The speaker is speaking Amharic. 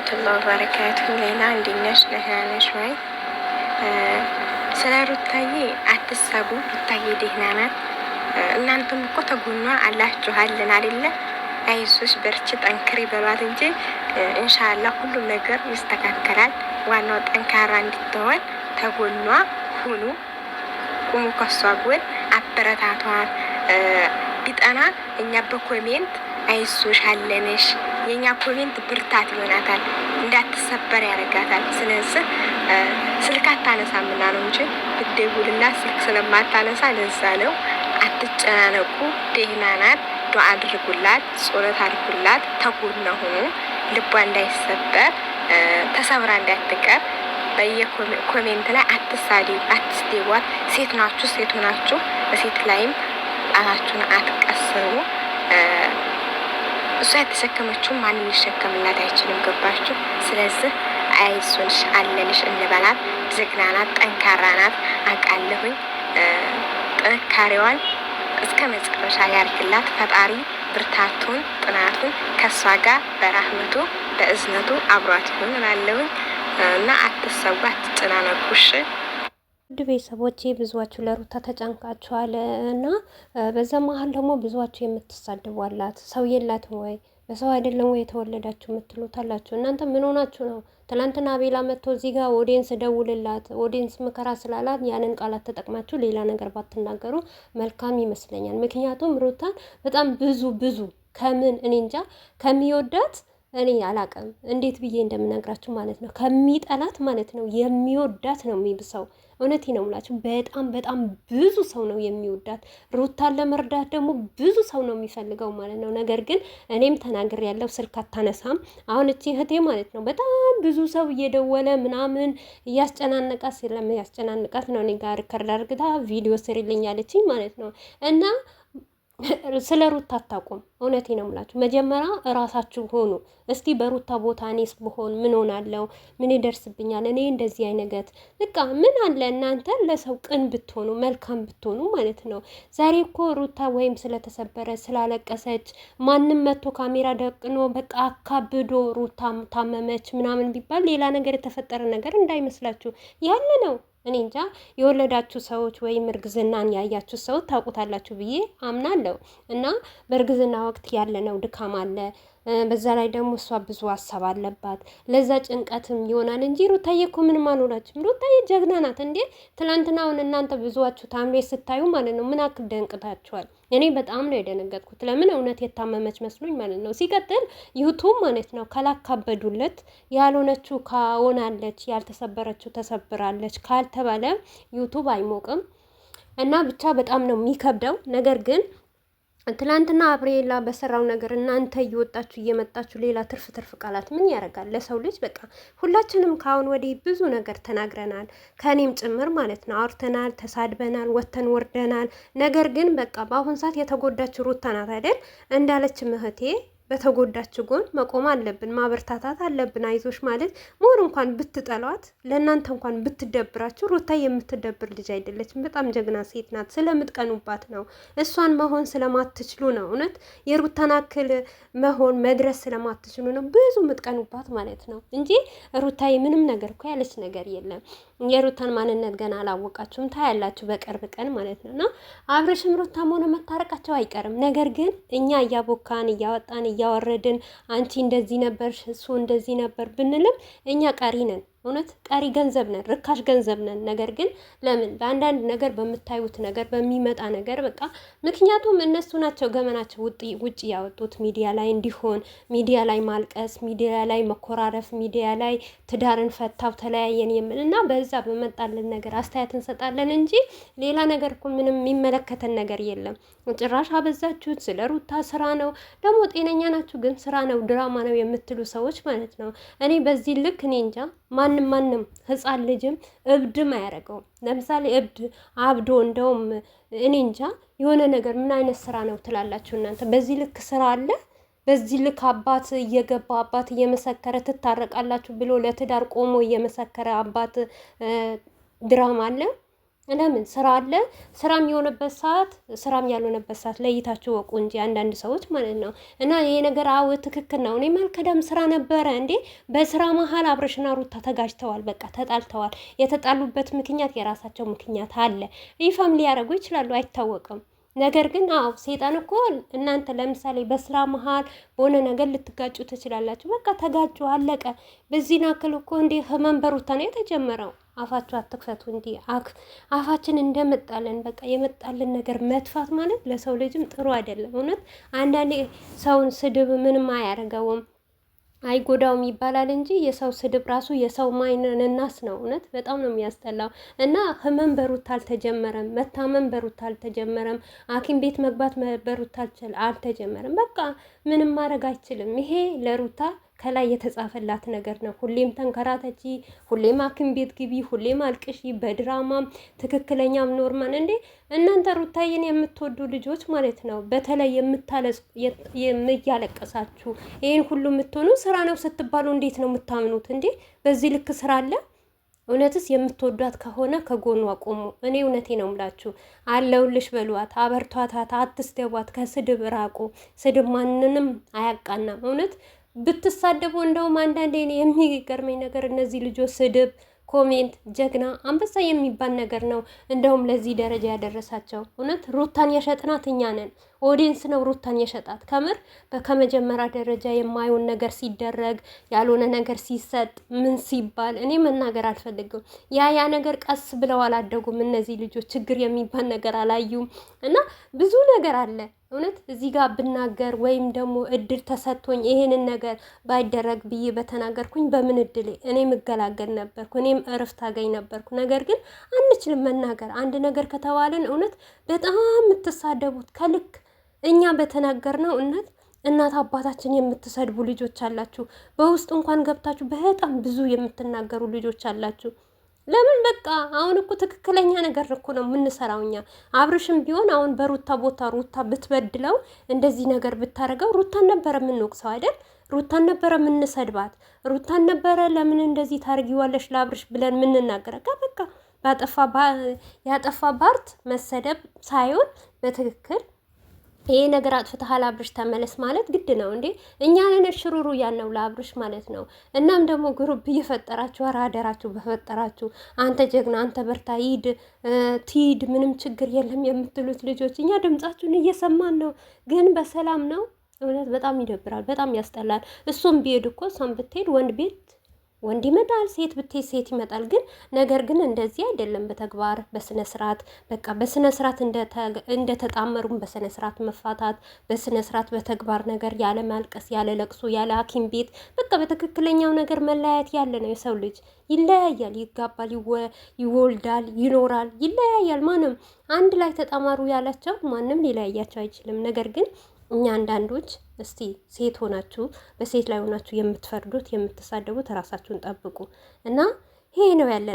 ወራህመቱላህ ወበረካቱ። ሌላ እንዲነሽ ነሽ? ደህና ነሽ ወይ? ስለ ሩታዬ አትሳቡ። ሩታዬ ደህና ናት። እናንተም እኮ ተጎኗ አላችኋልን አይደለ? አይዞሽ በርቺ፣ ጠንክሪ በሏት እንጂ እንሻላ ሁሉም ነገር ይስተካከላል። ዋናው ጠንካራ እንድትሆን ተጎኗ ሁኑ። ቁሙ ከሷ ጎን አበረታቷት። ቢጠና እኛ በኮሜንት አይዞሽ አለንሽ የኛ ኮሜንት ብርታት ይሆናታል፣ እንዳትሰበር ያደርጋታል። ስለዚህ ስልክ አታነሳ ምና ነው እንጂ ብትደውልና ስልክ ስለማታነሳ ለዛ ነው። አትጨናነቁ፣ ደህና ናት። ዱዓ አድርጉላት፣ ጸሎት አድርጉላት፣ ተጎና ሆኑ፣ ልቧ እንዳይሰበር ተሰብራ እንዳትቀር በየኮሜንት ላይ አትሳደቡ፣ አትስደቧት። ሴት ናችሁ፣ ሴት ሆናችሁ በሴት ላይም ጣታችሁን አትቀስሩ። እሷ የተሸከመችውን ማንም ሊሸከምላት አይችልም። ገባችሁ? ስለዚህ አይዞንሽ አለንሽ እንበላት። ጀግና ናት፣ ጠንካራ ናት። አውቃለሁኝ። ጥንካሬዋን እስከ መጨረሻ ያርግላት ፈጣሪ። ብርታቱን፣ ጥናቱን ከእሷ ጋር በራህመቱ በእዝነቱ አብሯት ይሁን እላለሁኝ እና አትሰዋ፣ አትጨናነቁሽ። ውድ ቤተሰቦቼ ብዙዋችሁ ለሩታ ተጨንቃችኋል እና በዛ መሀል ደግሞ ብዙዋችሁ የምትሳደቧላት ሰው የላትም ወይ በሰው አይደለም ወይ የተወለዳችሁ የምትሉት አላችሁ። እናንተ ምን ሆናችሁ ነው? ትናንትና አቤላ መጥቶ እዚህ ጋር ኦዲየንስ ደውልላት፣ ኦዲየንስ ምከራ ስላላት ያንን ቃላት ተጠቅማችሁ ሌላ ነገር ባትናገሩ መልካም ይመስለኛል። ምክንያቱም ሩታን በጣም ብዙ ብዙ ከምን እኔ እንጃ ከሚወዳት እኔ አላቅም እንዴት ብዬ እንደምነግራችሁ ማለት ነው። ከሚጠላት ማለት ነው የሚወዳት ነው የሚብሰው። እውነቴ ነው የምላችሁ በጣም በጣም ብዙ ሰው ነው የሚወዳት። ሩታን ለመርዳት ደግሞ ብዙ ሰው ነው የሚፈልገው ማለት ነው። ነገር ግን እኔም ተናግር ያለው ስልክ አታነሳም። አሁን እቺ እህቴ ማለት ነው በጣም ብዙ ሰው እየደወለ ምናምን እያስጨናነቃት ስለሚያስጨናንቃት ነው እኔ ጋር ከርዳ ቪዲዮ ስሪልኝ አለችኝ ማለት ነው እና ስለ ሩታ አታውቁም። እውነቴ ነው የምላችሁ። መጀመሪያ እራሳችሁ ሆኑ። እስቲ በሩታ ቦታ እኔስ ብሆን ምን ሆናለው? ምን ይደርስብኛል? እኔ እንደዚህ አይነገት በቃ ምን አለ እናንተ ለሰው ቅን ብትሆኑ መልካም ብትሆኑ ማለት ነው። ዛሬ እኮ ሩታ ወይም ስለተሰበረ ስላለቀሰች ማንም መቶ ካሜራ ደቅኖ በቃ አካብዶ ሩታ ታመመች ምናምን ቢባል ሌላ ነገር የተፈጠረ ነገር እንዳይመስላችሁ ያለ ነው። እኔ እንጃ የወለዳችሁ ሰዎች ወይም እርግዝናን ያያችሁ ሰዎች ታውቁታላችሁ ብዬ አምናለሁ እና በእርግዝና ወቅት ያለነው ድካም አለ በዛ ላይ ደግሞ እሷ ብዙ ሀሳብ አለባት። ለዛ ጭንቀትም ይሆናል እንጂ ሩታዬ እኮ ምንም አልሆናችም። ሩታዬ ጀግና ናት እንዴ! አሁን እናንተ ብዙችሁ ታምሬ ስታዩ ማለት ነው ምን አክል ደንቅታችኋል? እኔ በጣም ነው የደነገጥኩት። ለምን እውነት የታመመች መስሎኝ ማለት ነው። ሲቀጥል ዩቱብ ማለት ነው ካላካበዱለት ያልሆነችው ከሆናለች ያልተሰበረችው ተሰብራለች ካልተባለ ዩቱብ አይሞቅም እና ብቻ በጣም ነው የሚከብደው ነገር ግን ትላንትና አብሬላ በሰራው ነገር እናንተ እየወጣችሁ እየመጣችሁ ሌላ ትርፍ ትርፍ ቃላት ምን ያደርጋል ለሰው ልጅ? በቃ ሁላችንም ከአሁን ወዲህ ብዙ ነገር ተናግረናል፣ ከእኔም ጭምር ማለት ነው። አውርተናል፣ ተሳድበናል፣ ወተን ወርደናል። ነገር ግን በቃ በአሁን ሰዓት የተጎዳችው ሩታ ናት አይደል? እንዳለች ምህቴ በተጎዳችው ጎን መቆም አለብን፣ ማበርታታት አለብን። አይዞሽ ማለት ሞር እንኳን ብትጠሏት ለእናንተ እንኳን ብትደብራችሁ፣ ሩታ የምትደብር ልጅ አይደለችም። በጣም ጀግና ሴት ናት። ስለምትቀኑባት ነው፣ እሷን መሆን ስለማትችሉ ነው። እውነት የሩታን አክል መሆን መድረስ ስለማትችሉ ነው ብዙ የምትቀኑባት ማለት ነው እንጂ ሩታዬ ምንም ነገር እኮ ያለች ነገር የለም። የሩታን ማንነት ገና አላወቃችሁም፣ ታያላችሁ በቅርብ ቀን ማለት ነው። እና አብረሽም ሩታም ሆነ መታረቃቸው አይቀርም። ነገር ግን እኛ እያቦካን እያወጣን እያወረድን አንቺ እንደዚህ ነበር እሱ እንደዚህ ነበር ብንልም እኛ ቀሪ ነን። እውነት ቀሪ ገንዘብ ነን፣ ርካሽ ገንዘብ ነን። ነገር ግን ለምን በአንዳንድ ነገር በምታዩት ነገር በሚመጣ ነገር በቃ ምክንያቱም እነሱ ናቸው ገመናቸው ውጭ ያወጡት። ሚዲያ ላይ እንዲሆን ሚዲያ ላይ ማልቀስ፣ ሚዲያ ላይ መኮራረፍ፣ ሚዲያ ላይ ትዳርን ፈታው ተለያየን የምል እና በዛ በመጣልን ነገር አስተያየት እንሰጣለን እንጂ ሌላ ነገር እኮ ምንም የሚመለከተን ነገር የለም። ጭራሽ አበዛችሁት። ስለ ሩታ ስራ ነው ደግሞ ጤነኛ ናችሁ፣ ግን ስራ ነው ድራማ ነው የምትሉ ሰዎች ማለት ነው። እኔ በዚህ ልክ እኔ እንጃ ማንም ማንም ህፃን ልጅም እብድም አያደርገውም። ለምሳሌ እብድ አብዶ እንደውም እኔ እንጃ የሆነ ነገር ምን አይነት ስራ ነው ትላላችሁ እናንተ? በዚህ ልክ ስራ አለ? በዚህ ልክ አባት እየገባ አባት እየመሰከረ ትታረቃላችሁ ብሎ ለትዳር ቆሞ እየመሰከረ አባት ድራማ አለ? ለምን ስራ አለ። ስራም የሆነበት ሰዓት ስራም ያልሆነበት ሰዓት ለይታችሁ ወቁ እንጂ አንዳንድ ሰዎች ማለት ነው። እና ይሄ ነገር አዎ ትክክል ነው። እኔ መልከዳም ስራ ነበረ እንዴ። በስራ መሀል አብረሽና ሩታ ተጋጅተዋል፣ በቃ ተጣልተዋል። የተጣሉበት ምክንያት የራሳቸው ምክንያት አለ። ይፋም ሊያደርጉ ይችላሉ፣ አይታወቅም። ነገር ግን አዎ ሴጣን እኮ እናንተ ለምሳሌ በስራ መሀል በሆነ ነገር ልትጋጩ ትችላላችሁ። በቃ ተጋጩ፣ አለቀ። በዚህ ናክል እኮ እንዴ ህመም በሩታ ነው የተጀመረው። አፋችሁ አትክፈቱ። እንዲህ አክ አፋችን እንደመጣለን በቃ የመጣልን ነገር መጥፋት ማለት ለሰው ልጅም ጥሩ አይደለም። እውነት አንዳንዴ ሰውን ስድብ ምንም አያደርገውም አይጎዳውም ይባላል እንጂ የሰው ስድብ ራሱ የሰው ማይንንናስ ነው። እውነት በጣም ነው የሚያስጠላው። እና ህመም በሩት አልተጀመረም፣ መታመም በሩት አልተጀመረም፣ ሐኪም ቤት መግባት በሩት አልተጀመረም። በቃ ምንም ማድረግ አይችልም። ይሄ ለሩታ ከላይ የተጻፈላት ነገር ነው። ሁሌም ተንከራተቺ፣ ሁሌም ሐኪም ቤት ግቢ፣ ሁሌም አልቅሺ፣ በድራማም ትክክለኛም ኖርማል። እንዴ እናንተ ሩታዬን የምትወዱ ልጆች ማለት ነው። በተለይ የምያለቀሳችሁ ይህን ሁሉ የምትሆኑ ስራ ነው ስትባሉ እንዴት ነው የምታምኑት? እንዴ በዚህ ልክ ስራ አለ? እውነትስ የምትወዷት ከሆነ ከጎኗ ቆሙ። እኔ እውነቴ ነው ምላችሁ፣ አለውልሽ በሏት፣ አበርቷታት፣ አትስደቧት፣ ከስድብ ራቁ። ስድብ ማንንም አያቃናም እውነት ብትሳደቡ እንደውም አንዳንዴ እኔ የሚገርመኝ ነገር እነዚህ ልጆች ስድብ፣ ኮሜንት፣ ጀግና አንበሳ የሚባል ነገር ነው እንደውም ለዚህ ደረጃ ያደረሳቸው። እውነት ሩታን የሸጥናት እኛ ነን። ኦዲንስ ነው ሩታን የሸጣት። ከምር ከመጀመሪያ ደረጃ የማይሆን ነገር ሲደረግ ያልሆነ ነገር ሲሰጥ ምን ሲባል እኔ መናገር አልፈልግም። ያ ያ ነገር ቀስ ብለው አላደጉም እነዚህ ልጆች ችግር የሚባል ነገር አላዩም እና ብዙ ነገር አለ እውነት እዚህ ጋር ብናገር ወይም ደግሞ እድል ተሰጥቶኝ ይሄንን ነገር ባይደረግ ብዬ በተናገርኩኝ በምን እድል እኔ ምገላገል ነበርኩ፣ እኔም እረፍት አገኝ ነበርኩ። ነገር ግን አንችልም መናገር። አንድ ነገር ከተባለን እውነት በጣም የምትሳደቡት ከልክ እኛ በተናገርነው እውነት እናት አባታችን የምትሰድቡ ልጆች አላችሁ። በውስጥ እንኳን ገብታችሁ በጣም ብዙ የምትናገሩ ልጆች አላችሁ። ለምን በቃ አሁን እኮ ትክክለኛ ነገር እኮ ነው የምንሰራው እኛ። አብርሽም ቢሆን አሁን በሩታ ቦታ ሩታ ብትበድለው እንደዚህ ነገር ብታደርገው ሩታን ነበረ የምንወቅሰው አይደል? ሩታን ነበረ የምንሰድባት። ሩታን ነበረ ለምን እንደዚህ ታደርጊዋለሽ ለአብርሽ ብለን የምንናገረ በቃ ያጠፋ ባርት መሰደብ ሳይሆን በትክክል ይሄ ነገር አጥፍተሃል አብርሽ ተመለስ ማለት ግድ ነው እንዴ? እኛ ነን ሽሩሩ ያልነው ለአብርሽ ማለት ነው። እናም ደግሞ ግሩፕ እየፈጠራችሁ አራደራችሁ በፈጠራችሁ፣ አንተ ጀግና፣ አንተ በርታ፣ ሂድ ትሂድ፣ ምንም ችግር የለም የምትሉት ልጆች እኛ ድምጻችሁን እየሰማን ነው፣ ግን በሰላም ነው። እውነት በጣም ይደብራል፣ በጣም ያስጠላል። እሱም ቢሄድ እኮ እሷም ብትሄድ ወንድ ቤት ወንድ ይመጣል፣ ሴት ብትሄድ ሴት ይመጣል። ግን ነገር ግን እንደዚህ አይደለም። በተግባር በስነ ስርዓት በቃ በስነ ስርዓት እንደተጣመሩም በስነ ስርዓት መፋታት፣ በስነ ስርዓት በተግባር ነገር ያለ ማልቀስ፣ ያለ ለቅሶ፣ ያለ ሐኪም ቤት በቃ በትክክለኛው ነገር መለያየት ያለ ነው። የሰው ልጅ ይለያያል፣ ይጋባል፣ ይወልዳል፣ ይኖራል፣ ይለያያል። ማንም አንድ ላይ ተጣማሩ ያላቸው ማንም ሊለያያቸው አይችልም። ነገር ግን እኛ አንዳንዶች እስቲ ሴት ሆናችሁ በሴት ላይ ሆናችሁ የምትፈርዱት የምትሳደቡት ራሳችሁን ጠብቁ እና ይሄ ነው ያለ